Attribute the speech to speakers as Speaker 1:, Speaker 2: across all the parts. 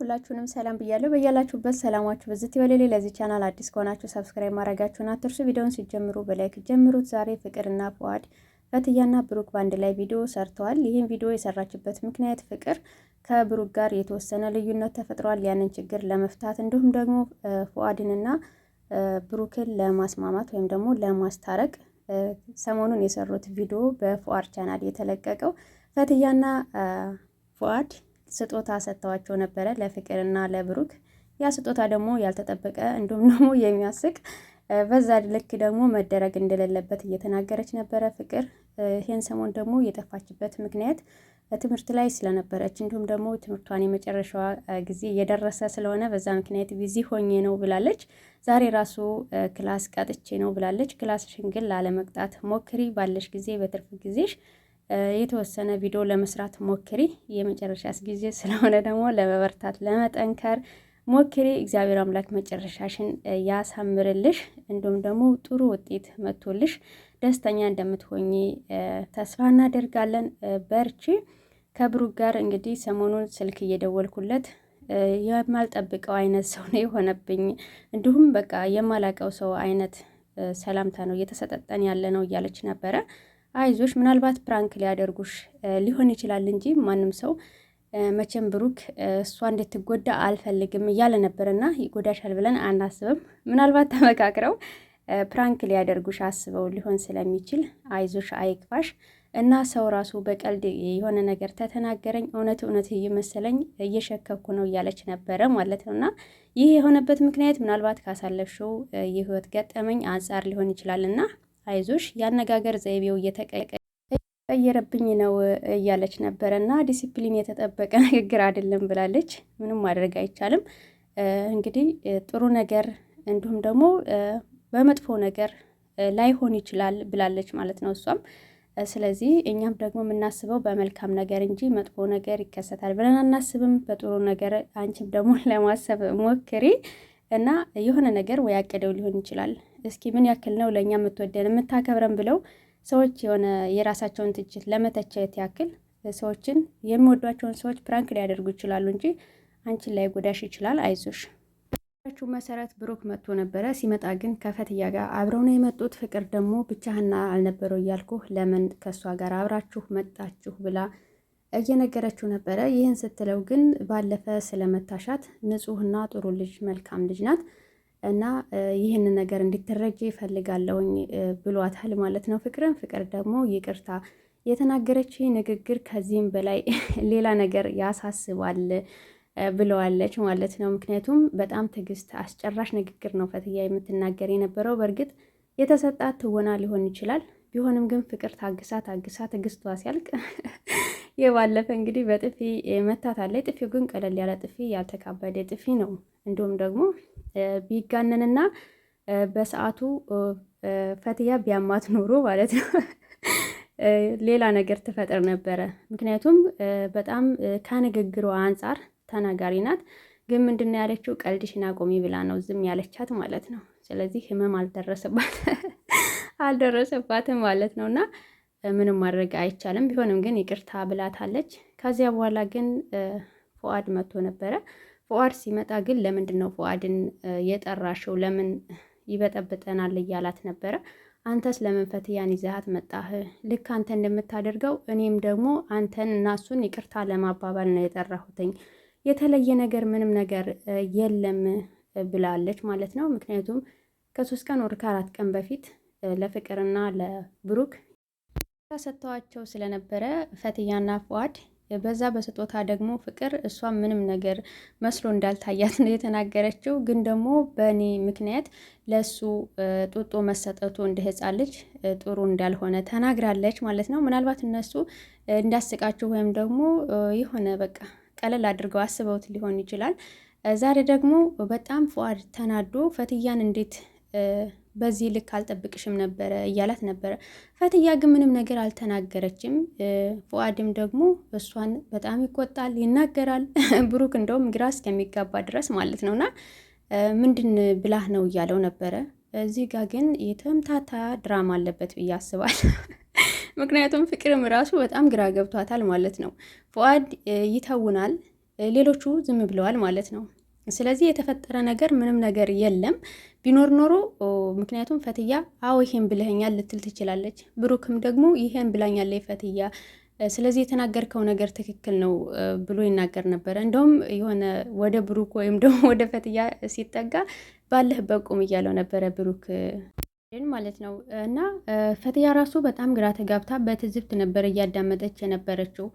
Speaker 1: ሁላችሁንም ሰላም ብያለሁ። በያላችሁበት ሰላማችሁ በዚህ በሌሌ። ለዚህ ቻናል አዲስ ከሆናችሁ ሰብስክራይብ ማድረጋችሁን አትርሱ። ቪዲዮውን ሲጀምሩ በላይክ ጀምሩት። ዛሬ ፍቅርና ፉአድ ፈትያና ብሩክ በአንድ ላይ ቪዲዮ ሰርተዋል። ይህን ቪዲዮ የሰራችበት ምክንያት ፍቅር ከብሩክ ጋር የተወሰነ ልዩነት ተፈጥሯል። ያንን ችግር ለመፍታት እንዲሁም ደግሞ ፉአድንና ብሩክን ለማስማማት ወይም ደግሞ ለማስታረቅ ሰሞኑን የሰሩት ቪዲዮ በፉአድ ቻናል የተለቀቀው ፈትያና ፉአድ ስጦታ ሰጥተዋቸው ነበረ ለፍቅርና ለብሩክ። ያ ስጦታ ደግሞ ያልተጠበቀ እንዲሁም ደግሞ የሚያስቅ በዛ ልክ ደግሞ መደረግ እንደሌለበት እየተናገረች ነበረ ፍቅር። ይህን ሰሞን ደግሞ የጠፋችበት ምክንያት ትምህርት ላይ ስለነበረች እንዲሁም ደግሞ ትምህርቷን የመጨረሻዋ ጊዜ እየደረሰ ስለሆነ በዛ ምክንያት ቢዚ ሆኜ ነው ብላለች። ዛሬ ራሱ ክላስ ቀጥቼ ነው ብላለች። ክላስሽን ግን ላለመቅጣት ሞክሪ፣ ባለሽ ጊዜ በትርፍ ጊዜሽ የተወሰነ ቪዲዮ ለመስራት ሞክሪ። የመጨረሻስ ጊዜ ስለሆነ ደግሞ ለመበርታት ለመጠንከር ሞክሪ። እግዚአብሔር አምላክ መጨረሻሽን ያሳምርልሽ፣ እንዲሁም ደግሞ ጥሩ ውጤት መጥቶልሽ ደስተኛ እንደምትሆኚ ተስፋ እናደርጋለን። በርቺ። ከብሩክ ጋር እንግዲህ ሰሞኑን ስልክ እየደወልኩለት የማልጠብቀው አይነት ሰው ነው የሆነብኝ። እንዲሁም በቃ የማላቀው ሰው አይነት ሰላምታ ነው እየተሰጠጠን ያለ ነው እያለች ነበረ። አይዞሽ፣ ምናልባት ፕራንክ ሊያደርጉሽ ሊሆን ይችላል እንጂ ማንም ሰው መቼም ብሩክ እሷ እንድትጎዳ አልፈልግም እያለ ነበርና ይጎዳሻል ብለን አናስብም። ምናልባት ተመካክረው ፕራንክ ሊያደርጉሽ አስበው ሊሆን ስለሚችል አይዞሽ፣ አይክፋሽ እና ሰው ራሱ በቀልድ የሆነ ነገር ተተናገረኝ እውነት እውነት እየመሰለኝ እየሸከኩ ነው እያለች ነበረ ማለት ነው። እና ይህ የሆነበት ምክንያት ምናልባት ካሳለፍሽው የህይወት ገጠመኝ አንጻር ሊሆን ይችላል። እና አይዞሽ የአነጋገር ዘይቤው ቀየረብኝ ነው እያለች ነበረ። እና ዲሲፕሊን የተጠበቀ ንግግር አይደለም ብላለች። ምንም ማድረግ አይቻልም። እንግዲህ ጥሩ ነገር እንዲሁም ደግሞ በመጥፎ ነገር ላይሆን ይችላል ብላለች ማለት ነው እሷም ስለዚህ እኛም ደግሞ የምናስበው በመልካም ነገር እንጂ መጥፎ ነገር ይከሰታል ብለን አናስብም። በጥሩ ነገር አንቺም ደግሞ ለማሰብ ሞክሪ እና የሆነ ነገር ወይ አቅደው ሊሆን ይችላል። እስኪ ምን ያክል ነው ለእኛ የምትወደን የምታከብረን ብለው ሰዎች የሆነ የራሳቸውን ትችት ለመተቸት ያክል ሰዎችን የሚወዷቸውን ሰዎች ፕራንክ ሊያደርጉ ይችላሉ እንጂ አንቺን ላይ ጎዳሽ ይችላል። አይዞሽ ያችሁ መሰረት ብሩክ መጥቶ ነበረ። ሲመጣ ግን ከፈትያ ጋር አብረው ነው የመጡት። ፍቅር ደግሞ ብቻህና አልነበረው እያልኩህ ለምን ከእሷ ጋር አብራችሁ መጣችሁ ብላ እየነገረችው ነበረ። ይህን ስትለው ግን ባለፈ ስለመታሻት ንጹህና ጥሩ ልጅ መልካም ልጅ ናት እና ይህን ነገር እንዲተረጅ ይፈልጋለውኝ ብሏታል ማለት ነው። ፍቅርን ፍቅር ደግሞ ይቅርታ የተናገረች ንግግር ከዚህም በላይ ሌላ ነገር ያሳስባል ብለዋለች ማለት ነው። ምክንያቱም በጣም ትዕግስት አስጨራሽ ንግግር ነው ፈትያ የምትናገር የነበረው። በእርግጥ የተሰጣት ትወና ሊሆን ይችላል። ቢሆንም ግን ፍቅር ታግሳ ታግሳ ትዕግስቷ ሲያልቅ የባለፈ እንግዲህ በጥፊ አለ። ጥፊው ግን ቀለል ያለ ጥፊ፣ ያልተካበደ ጥፊ ነው። እንዲሁም ደግሞ ቢጋነንና በሰዓቱ ፈትያ ቢያማት ኖሮ ማለት ነው ሌላ ነገር ትፈጥር ነበረ። ምክንያቱም በጣም ከንግግሯ አንጻር ተናጋሪ ናት። ግን ምንድነው ያለችው? ቀልድሽን አቆሚ ብላ ነው ዝም ያለቻት ማለት ነው። ስለዚህ ህመም አልደረሰባት አልደረሰባትም ማለት ነው እና ምንም ማድረግ አይቻልም። ቢሆንም ግን ይቅርታ ብላታለች። ከዚያ በኋላ ግን ፉአድ መጥቶ ነበረ። ፉአድ ሲመጣ ግን ለምንድን ነው ፉአድን የጠራሽው? ለምን ይበጠብጠናል እያላት ነበረ። አንተስ ለምን ፈትያን ይዘሃት መጣህ? ልክ አንተ እንደምታደርገው እኔም ደግሞ አንተን እና እሱን ይቅርታ ለማባባል ነው የጠራሁትኝ የተለየ ነገር ምንም ነገር የለም ብላለች ማለት ነው። ምክንያቱም ከሶስት ቀን ወር ከአራት ቀን በፊት ለፍቅርና ለብሩክ ሰጥተዋቸው ስለነበረ ፈትያና ፍዋድ በዛ በስጦታ ደግሞ ፍቅር እሷ ምንም ነገር መስሎ እንዳልታያት ነው የተናገረችው። ግን ደግሞ በእኔ ምክንያት ለሱ ጡጦ መሰጠቱ እንደ ሕፃን ልጅ ጥሩ እንዳልሆነ ተናግራለች ማለት ነው። ምናልባት እነሱ እንዳስቃችሁ ወይም ደግሞ የሆነ በቃ ቀለል አድርገው አስበውት ሊሆን ይችላል። ዛሬ ደግሞ በጣም ፉአድ ተናዶ ፈትያን እንዴት በዚህ ልክ አልጠብቅሽም ነበረ እያላት ነበረ። ፈትያ ግን ምንም ነገር አልተናገረችም። ፉአድም ደግሞ እሷን በጣም ይቆጣል፣ ይናገራል። ብሩክ እንደውም ግራ እስከሚጋባ ድረስ ማለት ነውና ምንድን ብላህ ነው እያለው ነበረ። እዚህ ጋር ግን የተምታታ ድራማ አለበት ብዬ አስባለሁ። ምክንያቱም ፍቅርም ራሱ በጣም ግራ ገብቷታል ማለት ነው። ፉአድ ይተውናል፣ ሌሎቹ ዝም ብለዋል ማለት ነው። ስለዚህ የተፈጠረ ነገር ምንም ነገር የለም ቢኖር ኖሮ ምክንያቱም ፈትያ አዎ ይሄን ብለኸኛል ልትል ትችላለች። ብሩክም ደግሞ ይሄን ብላኛለች ፈትያ ስለዚህ የተናገርከው ነገር ትክክል ነው ብሎ ይናገር ነበረ። እንደውም የሆነ ወደ ብሩክ ወይም ደግሞ ወደ ፈትያ ሲጠጋ ባለህበት ቁም እያለው ነበረ ብሩክ ማለት ነው እና ፈትያ ራሱ በጣም ግራ ተጋብታ በትዝብት ነበር እያዳመጠች የነበረችው።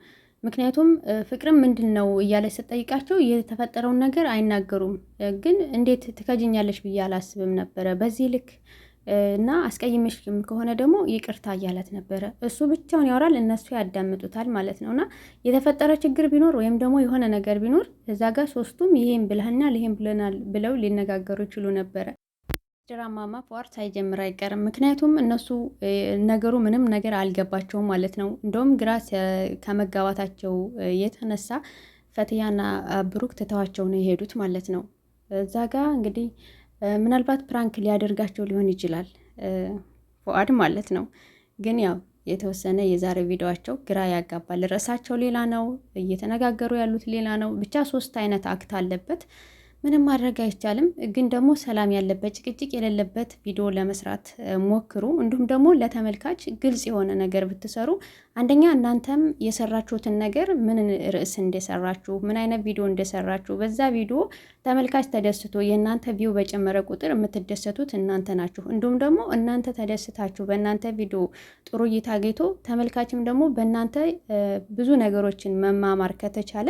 Speaker 1: ምክንያቱም ፍቅርም ምንድን ነው እያለች ስጠይቃቸው የተፈጠረውን ነገር አይናገሩም፣ ግን እንዴት ትከጅኛለች ብዬ አላስብም ነበረ በዚህ ልክ እና አስቀይምሽም ከሆነ ደግሞ ይቅርታ እያላት ነበረ። እሱ ብቻውን ያወራል፣ እነሱ ያዳምጡታል ማለት ነው እና የተፈጠረ ችግር ቢኖር ወይም ደግሞ የሆነ ነገር ቢኖር እዛ ጋር ሶስቱም ይሄን ብለህናል ይሄን ብለናል ብለው ሊነጋገሩ ይችሉ ነበረ። ድራማ ማፍዋር ሳይጀምር አይቀርም። ምክንያቱም እነሱ ነገሩ ምንም ነገር አልገባቸውም ማለት ነው። እንደውም ግራ ከመጋባታቸው የተነሳ ፈትያና ብሩክ ትተዋቸው ነው የሄዱት ማለት ነው። እዛ ጋ እንግዲህ ምናልባት ፕራንክ ሊያደርጋቸው ሊሆን ይችላል ፉአድ ማለት ነው። ግን ያው የተወሰነ የዛሬ ቪዲዮቸው ግራ ያጋባል። ርዕሳቸው ሌላ ነው፣ እየተነጋገሩ ያሉት ሌላ ነው። ብቻ ሶስት አይነት አክት አለበት። ምንም ማድረግ አይቻልም። ግን ደግሞ ሰላም ያለበት ጭቅጭቅ የሌለበት ቪዲዮ ለመስራት ሞክሩ። እንዲሁም ደግሞ ለተመልካች ግልጽ የሆነ ነገር ብትሰሩ አንደኛ እናንተም የሰራችሁትን ነገር ምን ርዕስ እንደሰራችሁ፣ ምን አይነት ቪዲዮ እንደሰራችሁ በዛ ቪዲዮ ተመልካች ተደስቶ የእናንተ ቪው በጨመረ ቁጥር የምትደሰቱት እናንተ ናችሁ። እንዲሁም ደግሞ እናንተ ተደስታችሁ በእናንተ ቪዲዮ ጥሩ እይታ አግኝቶ ተመልካችም ደግሞ በእናንተ ብዙ ነገሮችን መማማር ከተቻለ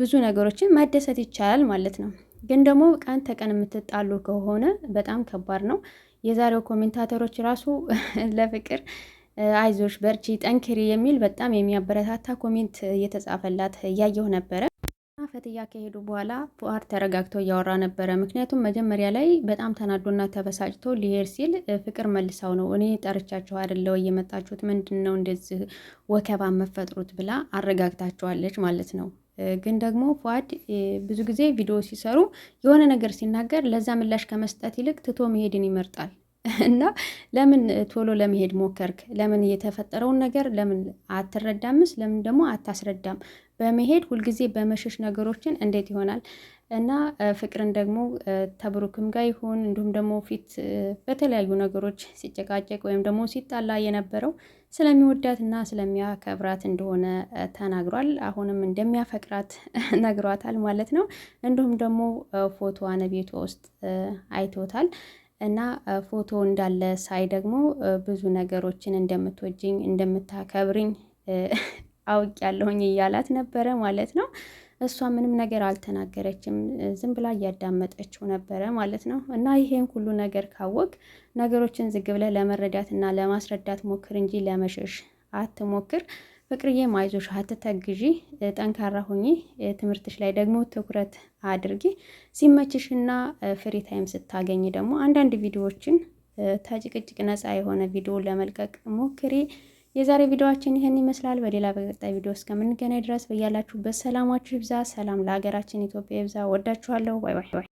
Speaker 1: ብዙ ነገሮችን ማደሰት ይቻላል ማለት ነው። ግን ደግሞ ቀን ተቀን የምትጣሉ ከሆነ በጣም ከባድ ነው። የዛሬው ኮሜንታተሮች ራሱ ለፍቅር አይዞሽ በርቺ፣ ጠንክሪ የሚል በጣም የሚያበረታታ ኮሜንት እየተጻፈላት እያየሁ ነበረ። ፈትያ ከሄዱ በኋላ ፉአድ ተረጋግቶ እያወራ ነበረ። ምክንያቱም መጀመሪያ ላይ በጣም ተናዶና ተበሳጭቶ ሊሄድ ሲል ፍቅር መልሳው ነው እኔ ጠርቻችሁ አይደለው እየመጣችሁት ምንድን ነው እንደዚህ ወከባ መፈጥሩት? ብላ አረጋግታችኋለች ማለት ነው። ግን ደግሞ ፏድ ብዙ ጊዜ ቪዲዮ ሲሰሩ የሆነ ነገር ሲናገር ለዛ ምላሽ ከመስጠት ይልቅ ትቶ መሄድን ይመርጣል። እና ለምን ቶሎ ለመሄድ ሞከርክ? ለምን የተፈጠረውን ነገር ለምን አትረዳምስ? ለምን ደግሞ አታስረዳም? በመሄድ ሁልጊዜ በመሸሽ ነገሮችን እንዴት ይሆናል? እና ፍቅርን ደግሞ ተብሩክም ጋር ይሁን እንዲሁም ደግሞ ፊት በተለያዩ ነገሮች ሲጨቃጨቅ ወይም ደግሞ ሲጣላ የነበረው ስለሚወዳት እና ስለሚያከብራት እንደሆነ ተናግሯል። አሁንም እንደሚያፈቅራት ነግሯታል ማለት ነው። እንዲሁም ደግሞ ፎቶዋን ቤቷ ውስጥ አይቶታል። እና ፎቶ እንዳለ ሳይ ደግሞ ብዙ ነገሮችን እንደምትወጅኝ እንደምታከብርኝ አውቅ ያለሁኝ እያላት ነበረ ማለት ነው። እሷ ምንም ነገር አልተናገረችም ዝም ብላ እያዳመጠችው ነበረ ማለት ነው። እና ይሄን ሁሉ ነገር ካወቅ ነገሮችን ዝግ ብለህ ለመረዳት እና ለማስረዳት ሞክር እንጂ ለመሸሽ አትሞክር። ፍቅርዬ ማይዞሽ አትተግዢ፣ ጠንካራ ሁኚ፣ ትምህርትሽ ላይ ደግሞ ትኩረት አድርጊ። ሲመችሽና ፍሪ ታይም ስታገኝ ደግሞ አንዳንድ ቪዲዮዎችን ተጭቅጭቅ ነፃ የሆነ ቪዲዮ ለመልቀቅ ሞክሪ። የዛሬ ቪዲዮዋችን ይህን ይመስላል። በሌላ በቀጣይ ቪዲዮ እስከምንገናኝ ድረስ በያላችሁበት ሰላማችሁ ይብዛ። ሰላም ለሀገራችን ኢትዮጵያ ይብዛ። ወዳችኋለሁ። ባይ ባይ።